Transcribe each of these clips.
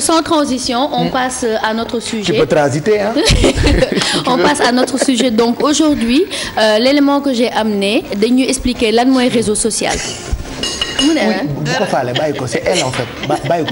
sans transition, on mm. passe à notre sujet. Tu peux transiter, à notre sujet. Donc aujourd'hui, euh, l'élément que j'ai amené dañuy expliquer lan mooy réseau social. mu ne la bu ko faale bàyyi en fait bàyyi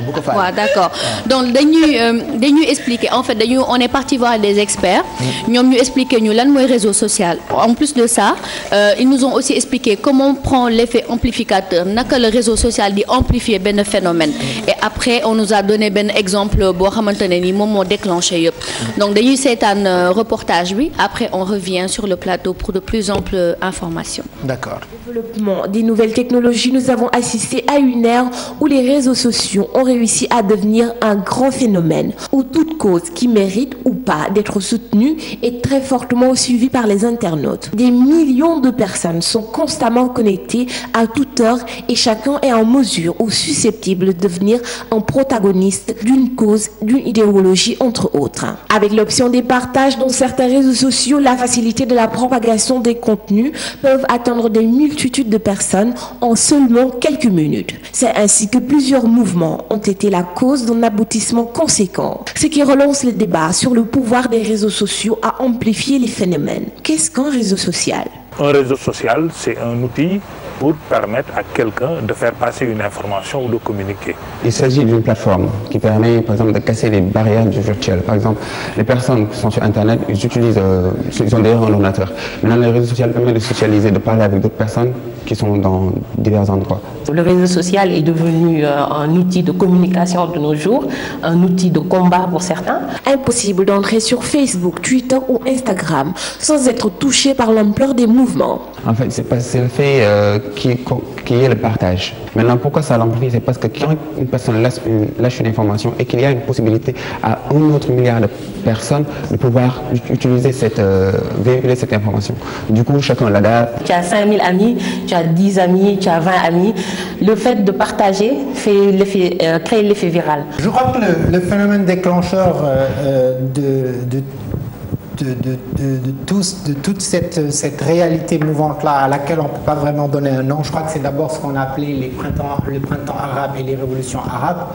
ko euh, on est parti voir des experts. Mm. ñoom ñu expliquer ñu lan mooy réseau social. en plus de ça euh, ils nous ont aussi expliqué comment on prend l'effet amplificateur naka le réseau social di amplifier benn phénomène. Mm. et après on nous a donné benn exemple boo xamante ne ni moom moo déclenché yëpp. Mm. donc dañuy seetaan euh, reportage bi après on revient sur le plateau pour de plus amples informations. D'accord. Développement des nouvelles technologies assisté à une ère où les réseaux sociaux ont réussi à devenir un grand phénomène, où toute cause qui mérite ou pas d'être soutenue est très fortement suivie par les internautes. Des millions de personnes sont constamment connectées à toute heure et chacun est en mesure ou susceptible de devenir un protagoniste d'une cause, d'une idéologie, entre autres. Avec l'option des partages dans certains réseaux sociaux, la facilité de la propagation des contenus peuvent quelques minutes. C'est ainsi que plusieurs mouvements ont été la cause d'un aboutissement conséquent, ce qui relance le débat sur le pouvoir des réseaux sociaux à amplifier les phénomènes. Qu'est-ce qu'un réseau social? Un réseau social, c'est un outil pour permettre à quelqu'un de faire passer une information ou de communiquer. Il s'agit d'une plateforme qui permet, de casser les barrières du virtuel. Par exemple, les personnes qui sont Internet, ils utilisent, euh, qui sont dans divers endroits. Le réseau social est devenu euh, un outil de communication de nos jours, un outil de combat pour certains. Impossible d'entrer sur Facebook, Twitter ou Instagram sans être touché par l'ampleur des mouvements. En fait, c'est le fait euh, qui, qui est le partage. Maintenant, pourquoi ça l'amplifie C'est parce que quand une personne lâche une, lâche une information et qu'il y a une possibilité à un autre milliard de personnes de pouvoir utiliser cette, euh, véhiculer cette information. Du coup, chacun l'adapte. Tu as 5000 amis, tu as as 10 amis, tu as 20 amis. Le fait de partager fait l'effet, euh, crée l'effet viral. Je crois que le, le phénomène déclencheur euh, euh de, de de, de, de, tous, de, toute cette, cette réalité mouvante-là à laquelle on ne peut pas vraiment donner un nom. Je crois que c'est d'abord ce qu'on a appelé les printemps, le printemps arabe et les révolutions arabes.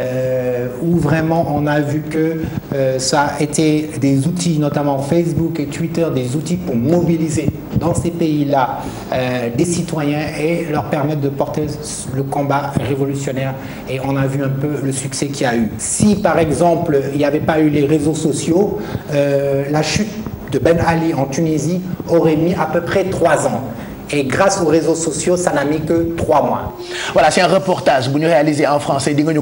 euh, où vraiment on a vu que euh, ça a été des outils, notamment Facebook et Twitter, des outils pour mobiliser dans ces pays-là euh, des citoyens et leur permettre de porter le combat révolutionnaire. Et on a vu un peu le succès qu'il a eu. Si par exemple il n'y avait pas eu les réseaux sociaux, euh, la chute de Ben Ali en Tunisie aurait mis à peu près trois ans. Et grâce aux réseaux sociaux, ça n'a mis que trois mois. voilà c'est un reportage bu ñu réalisé en français di nga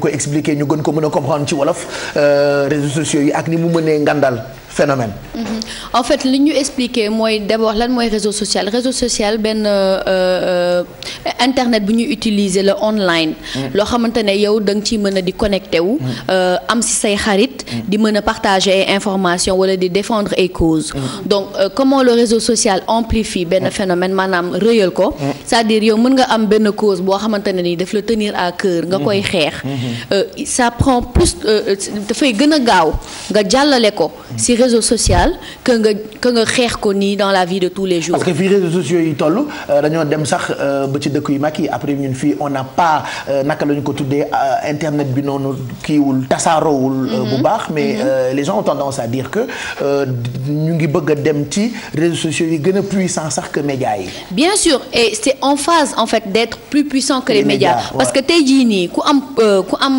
a comprendre ci wolof euh, réseaux sociaux yi ni mu mënee ngandal phénomène. Mm-hmm. en fait li ñu expliquer mooy d'abord lan mooy réseau social réseau social benn. Euh, euh, internet bu ñu utiliser la online. Mm. loo xamante ne yow da nga ciy mën a di connecté wu. Mm. Euh, am si say xarit. Mm. di mën a partage ay informations wala di défendre ay causes. donc euh, comment le réseau social amplifie benn phénomène maanaam rëyal ko. sa à dire yow mën nga am benn cause boo xamante ne ni daf la tenir à cœur. nga mm-hmm. koy xeex. Mm-hmm. Euh, ça prend plus dafay gën a gaaw nga jàllale ko si réseau social que nga que nga xeex ko nii dans la vie de tous les jours. parce que fii réseaux sociaux yi dëkk yu mag yi après ñun fii on n'a pas euh, naka la ñu ko tuddee euh, internet bi noonu wul tasaaroowul euh, bu mm-hmm. baax mais mm-hmm. les gens ont tendance à dire que ñu ngi bëgg a dem ci réseaux sociaux yi gën a puissant sax que médias yi bien sûr et c'est en phase en fait d'être plus puissant que les, les médias, médias parce que tey jii nii ku am ku am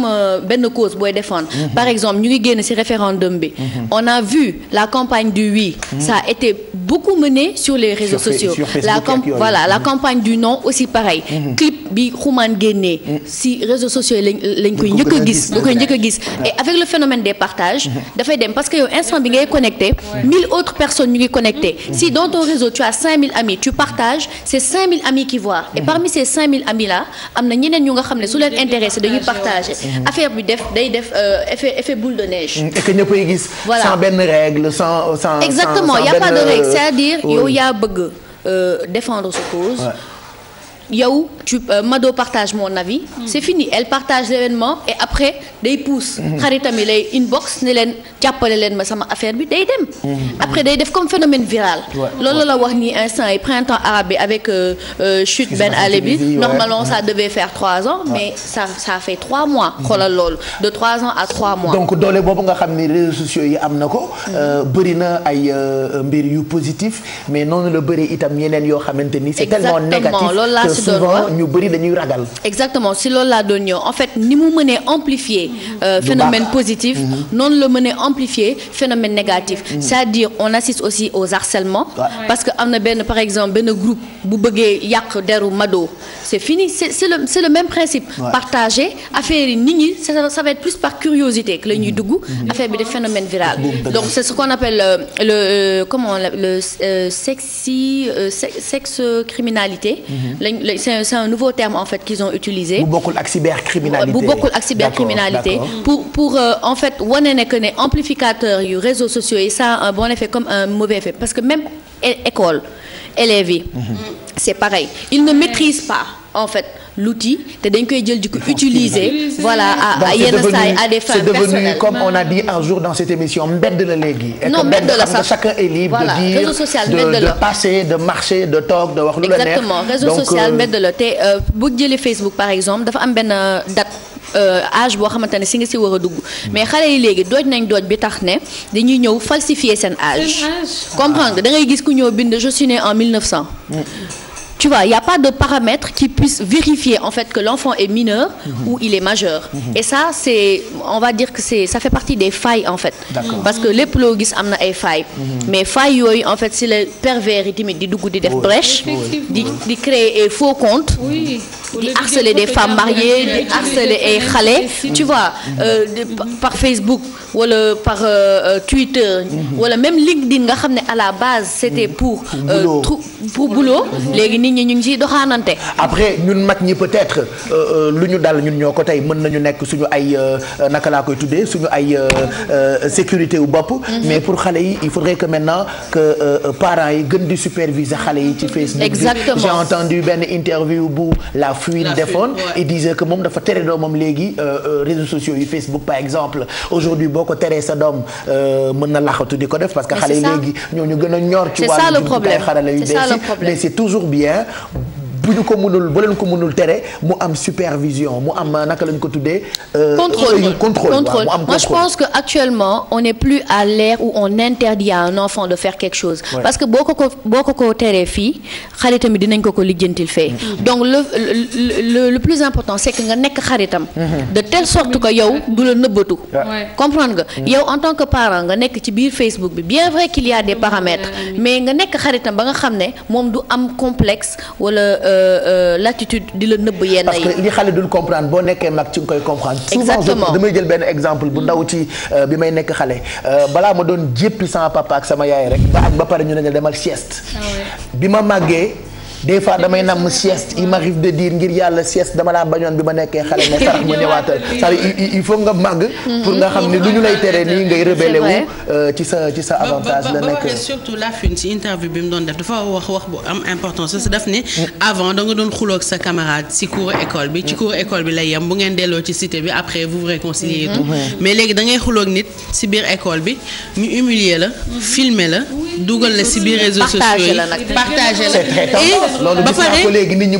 benn cause booy défendre mm-hmm. par exemple ñu ngi génn ci référendum bi on a vu la campagne du oui ça a été beaucoup mené sur les réseaux sur, sociaux voilà la campagne du pareil. Mhm. Mhm. clip bi xumaan génnee. Mhm. si réseaux sociaux yi lañ lañ gis. lu koy njëkk gis et avec le phénomène des partages. dafay dem parce que yow instant bi ngay connecté. autres personnes ñu ngi connecté. si dans ton réseau tu as 5000 amis tu partages c'est 5000 amis qui voient. et parmi ces amis là am na ñeneen ñu nga xam ne su leen intéressé dañuy partagé. affaire bi def day def euh, effet effet boule de neige. et que ñëppay gis. défendre sa cause. yow euh, Mado partage mon avis. Hmm. c'est fini elle partage l'événement et après day pousse. Hmm. xaritam yi lay inbox ne leen jàppale leen ma sama affaire bi day dem. Hmm. après day def comme phénomène viral. lool la wax ni instant yi printemps arabe bi avec euh, euh, chute Ben Ali bi normalement ça devait faire trois ans mais ça ça fait trois mois. xoolal loolu de trois ans à trois mois. donc doole boobu nga xam ni réseaux sociaux yi am na ko. bëri na ay mbir yu positif mais noonu la bëri itam yeneen yoo xamante ni. si doon souvent ñu bëri dañuy ragal. exactement si loolu laa doon ñëw en fait ni mu mënee amplifier. Mm-hmm. Euh, phénomène positif. Mm-hmm. noonu la mënee amplifier phénomène négatif. Mm-hmm. c'est-à-dire on assiste aussi aux harcèlements. parce que am na benn par exemple benn groupe bu bëggee yàq deru mado c'est fini c'est c'est le c'est le même principe. partager affaire yi nit ñi ça par curiosité que la ñuy dugg. affaire bi de phénomène viral. donc c'est ce qu'on appelle euh, le euh, comment le sexy sexe criminalité. lañ c'est c'est un nouveau terme en fait qu'ils ont utilisé. bu bokkul ak cybercriminalité bu bokkul ak cybercriminalité pour pour euh, en fait wane ne que ne amplificateur yu réseaux sociaux yi ça a un bon effet comme un mauvais effet parce que même école élèves yi. Mm -hmm. c'est pareil ils ne maîtrisent pas en fait. l'outil te dañ koy jël di ko utiliser voilà à yenn saa yi à des fins personnelles comme on a mm. dit un jour dans cette émission mbedd la léegi et que mbedd la sax chacun est libre de dire social, de, de passer de marcher de toog de wax lu la neex exactement réseau social euh, mbedd la te euh, bu jëlee Facebook par exemple dafa am benn euh, date age boo xamante ne si nga si war a dugg mm. mais xale yi léegi dooj nañ dooj bi tax ne dañuy ñëw falsifier seen âge comprendre da ngay gis ku ñëw bind je suis né en 1900 tu vois il y a pas de paramètre qui puisse vérifier en fait que l'enfant est mineur mhm. ou il est majeur mhm. et ça c'est on va dire que c'est ça fait partie des failles en fait parce que lépp loo gis am na ay failles mhm. mais failles yooyu en fait si le pervers yi tamit di dugg di def brèche di di créer ay faux comptes oui. harceler des femmes mariées di harceler ay xale tu vois euh, par Facebook wala par euh, euh, Twitter wala même LinkedIn nga xam ne à la base c'était pour pour boulot léegi nit ñi ñu ngi ciy doxaanante. après ñun mag ñi peut-être euh, euh, lu ñu dal ñun ñoo ko tey mën nañu nekk suñu ay euh, naka laa koy tuddee suñu ay sécurité wu bopp. Mhm. mais pour xale yi il faudrait que maintenant que parents yi gën di superviser xale yi ci Facebook. exactement j'ai entendu benn interview bu la fuite defoon il disait ko moom dafa tere doomam léegi réseaux sociaux yi Facebook par exemple aujourd'hui boo ko teree sa doom mën na laxatu di ko def parce que xale yi léegi ñu gën a ñor ci bien bu ñu ko mënul ba leen ko mënul tere mu am supervision mu am euh, naka lañ ko tuddee. Euh, contrôle contrôle mu am moi je pense que actuellement on n'est plus à l'ère où on interdit à un enfant de faire quelque chose. parce que boo ko ko teree fii xale tamit dinañ ko ko lijjantil fee. Mm-hmm. Mm-hmm. donc le plus important c'est que nga nekk xaritam. Mm-hmm. de telle sorte que yow du la nëbbatu. comprendre nga yow en tant que parent nga nekk ci biir Facebook bi bien vrai qu'il y a des paramètres mais nga nekk xaritam Euh, euh, l'attitude di la nëbb yenn yi. parce que li xale dul comprendre boo nekkee mag ci nga koy comprendre. exactement souvent damay jël benn exemple bu ndaw ci euh, bi may nekk xale balaa ma doon jéppi sama papa ak sama yaay rek ba ak ba pare ñu ne demal sieste. Ah bi ma màggee. des fois damay nam sieste il m'arrive de dire ngir yàlla sieste dama laa bañoon bi ba nekkee xale ne sarax ma ñëwaatal c'est-à-dire il faut nga màgg mhm. pour nga xam ni lu ñu lay tere nii ngay rebelle wu euh, ci sa ci sa avantage la nekk surtout la fin si interview bi mu doon def dafa wax wax bu am importance parce que ne mm. avant da nga doon xuloo sa camarade ci cour école bi ci cour école bi la yem bu ngeen delloo ci cité bi après vous réconciliez mm-hmm. tout mais léegi da ngay xuloo ak biir école bi ñu humilier la mm-hmm. filmer la dugal la ci biir réseaux sociaux yi partager la loolu gis naa ko léegi nit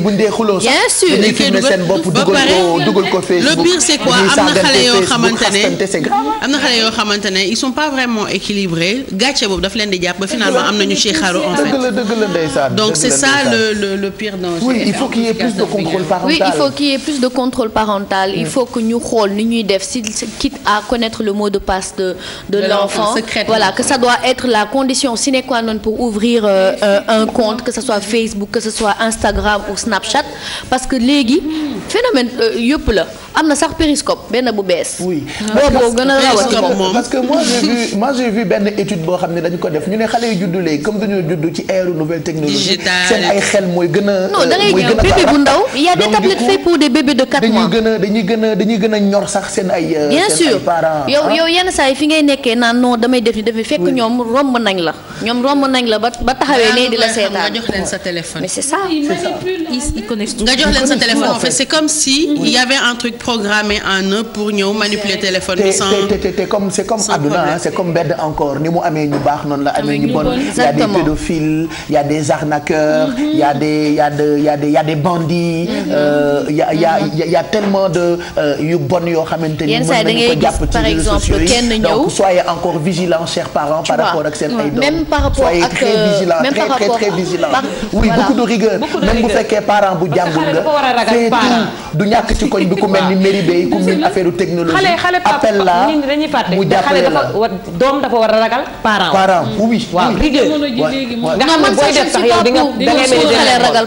le pire c'est quoi am na xale yoo xamante ils sont pas vraiment équilibrés gàcce boobu daf leen di finalement am nañu ci xaru en fait donc c'est ça le pire dans oui il y ait plus de contrôle parental oui il faut qu'il y ait plus de contrôle parental il mm. quitte à connaître le mot de passe de l'enfant voilà que ça doit être la condition sine qua non pour ouvrir euh, euh, un compte que ça soit Facebook ce soit Instagram ou Snapchat parce que léegi phénomène euh, yëpp la. am na sax périscope benn bu bees. oui parce que moi j'ai vu benn étude boo xam ne dañu ko def ñu ne xale yu juddu léegi comme dañoo judd ci ère nouvelle technologie. seen ay xel mooy gën a. non euh, da ngay ñëw ndaw. y a des tablettes faites pour des bébés de 4 mois. dañuy gën a dañuy gën a dañuy gën a ñor sax seen ay. Euh, bien sûr yow ah. yow yenn saa yi fi ngay nekkee naan non damay def ni dafay fekk ñoom romb nañ la ñoom romb nañ la ba ba taxawee nee di la seetaan nga jox leen sa téléphone mais c'est ça nga jox leen programmé en œuvre pour ñëw manipuler téléphone bi. sans te te te comme c' comme àdduna c' comme mbedd encore ni mu amee ñu baax noonu la amee ñu bon. y' a des pédophiles y' a des arnaqueurs. Mm-hmm. y' a des a a des a des bandits. Mm-hmm. Euh, y' a y' a mm-hmm. y' tellement de euh, yu bon yoo xamante ni. yenn saa yi da ngay gis par exemple kenn donc soyez encore vigilants chers parents. par rapport ak seen ay doom même par rapport ak très euh, vigilant très très très vigilant. oui beaucoup rigueur même bu fekkee parent bu jàngul nga. du ñàkk ni mairie bay comme ni affaire technologie. xale appel la mu jàppale la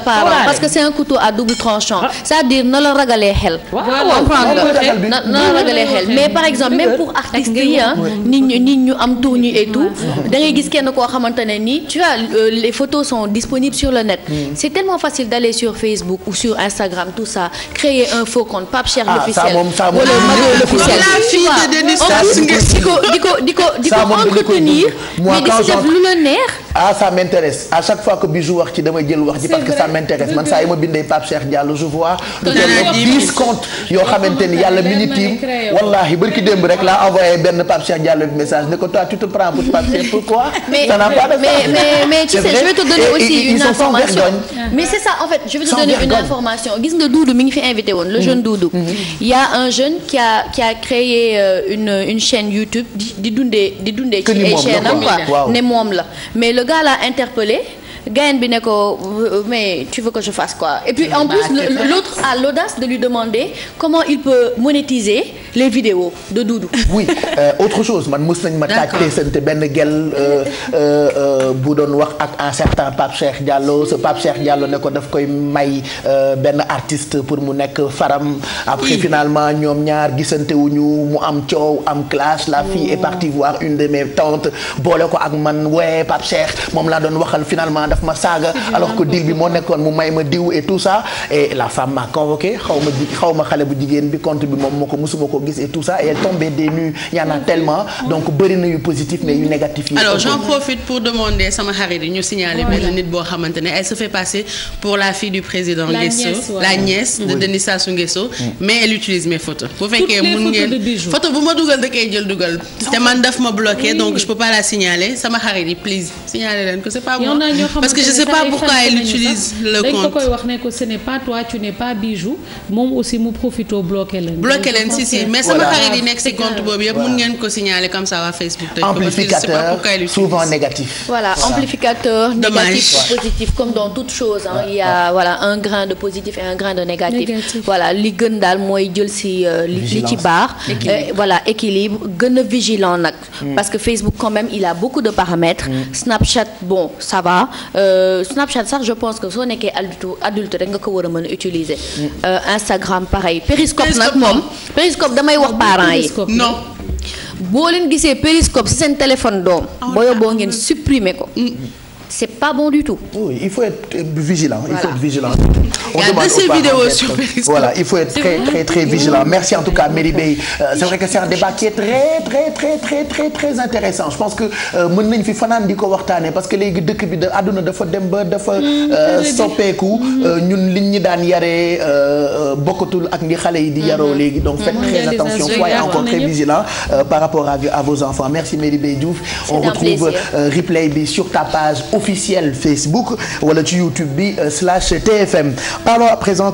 a parce que c'est un couteau à ah. na la ragalee xel. comprendre nga na la ragalee mais par exemple même pour artistes yi ah, nit ñu am tournée et tout da gis kenn koo xamante ne nii tu vois euh, les photos sont disponibles sur le net. Mm. c'est tellement facile d'aller sur Facebook ou sur Instagram tout ça créer un faux compte Pape ah ça moom ça moom di ko di ko di ko entretenir. mais di si def lu la neex. ah ça à chaque fois que Bijou wax ci damay jël wax ci parce que ça m'intéresse man saa yi ma bindee Pape Cheikh Diallo je vois lu toll dix comptes yoo xamante ni yàlla mi ñu tiim wallaahi barki démb rek laa envoyé benn Pape Cheikh Diallo message ne ko toi tu te pour Pape Cheikh pourquoi ça mais mais tu sais je vais te donner aussi une information ah. mais c'est fait je vais te gis nga Doudou mi ngi fi invité woon le jeune mhm. Doudou mhm. il y a un jeune qui a qui a créé euh, une chaîne YouTube di dundee di dundee ci ay chaîne gars l'a interpellé gayen bi ne ko mais tu veux que je fasse quoi et puis en plus l'autre a l'audace de lui demander comment il peut monétiser les vidéos de Doudou oui euh, autre chose man mës nañ ma taajte sante benn gel euh, euh, euh, bu doon wax ak un certain Pape Cheikh Diallo ce Pape Cheikh Diallo ne ko daf koy may benn artiste pour mu nekk faram après finalement ñoom ñaar gisante wuñu mu am coow am clash la oh. fille est partie voir une de mes tantes boole ko ak man wee Pape Cheikh moom laa doon waxal finalement daf ma saaga alors que deal bi moo nekkoon mu may ma diw et tout ça et la femme m'a convoqué xaw ma xaw ma xale bu jigéen bi compte bi moom moo ko musuma ko gis et tout ça et elle tombait des nues y en a tellement donc bëri na yu positif mais yu négatif yi alors j'en profite nit boo xamante ne se fait passer pour la fille du président Nguesso la nièce de Denis Sassou Nguesso mm. mais elle utilise mes photos bu fekkee mun ngeen photo bu ma dugal da koy jël dugal te man daf ma bloqué donc je peux pas parce que je sais pas pourquoi elle utilise le compte dañ ko koy wax ne ko ce n'est pas toi tu n'es pas bijou moom aussi mu profité bloqué leen. bloqué leen si si mais sama xarit yi si compte boobu yëpp mun ngeen ko comme ça Facebook. amplificateur négatif. voilà amplificateur négatif positif comme dans toute chose il y a un grain de positif et un grain de négatif. voilà li gën daal mooy jël si euh, li ci baax. Euh, voilà équilibre gën a vigilant nag. Mm. parce que Facebook quand même il a beaucoup de paramètres. Mm. Snapchat bon ça Euh, Snapchat sax je pense que soo nekkee adulte adulte rek nga ko war a mën a utiliser. Euh, Instagram pareil. Periscope nag moom Periscope damay wax parents yi. non. boo leen gisee Periscope si seen téléphone doom. Oh, boo yóbboo ngeen supprimer ko. Mm. c'est pas bon du tout. Oui, il faut être vigilant, voilà. il faut être vigilant. On il y a deux ces vidéos C'est vrai que c'est un débat qui est très très très intéressant. Je pense que euh, mën nañ fi fanaan di ko waxtaane parce que léegi dëkk bi da àdduna dafa dem ba dafa mm, euh, soppeeku mm. euh, ñun liñ ñi daan yaree bokkatul ak ni xale yi di mm-hmm. yaroo léegi. Donc faites mm-hmm. très attention, soyez encore très vigilants par rapport à vos enfants. Merci Méri Diouf. On retrouve replay bi sur ta page officiel Facebook wala ci YouTube bi euh, slash TFM parlons à présent